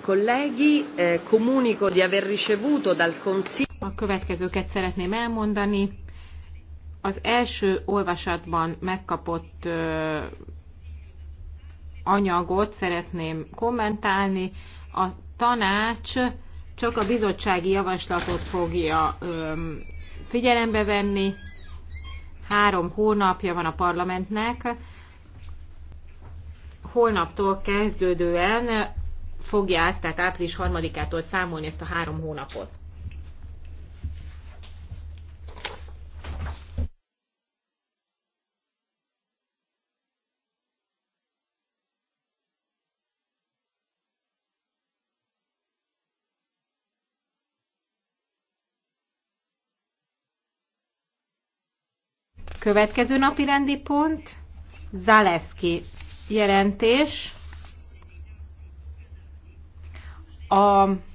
Colleghi, hmm. eh, comunico di aver ricevuto dal Consiglio. A következőket szeretném elmondani. Az első olvasatban megkapott eh, anyagot szeretném kommentálni. A tanács csak a bizottsági javaslatot fogja figyelembe venni. Három hónapja van a parlamentnek. Holnaptól kezdődően fogják, tehát április 3-ától számolni ezt a három hónapot. Következő napi rendi pont, Zalewski jelentés. A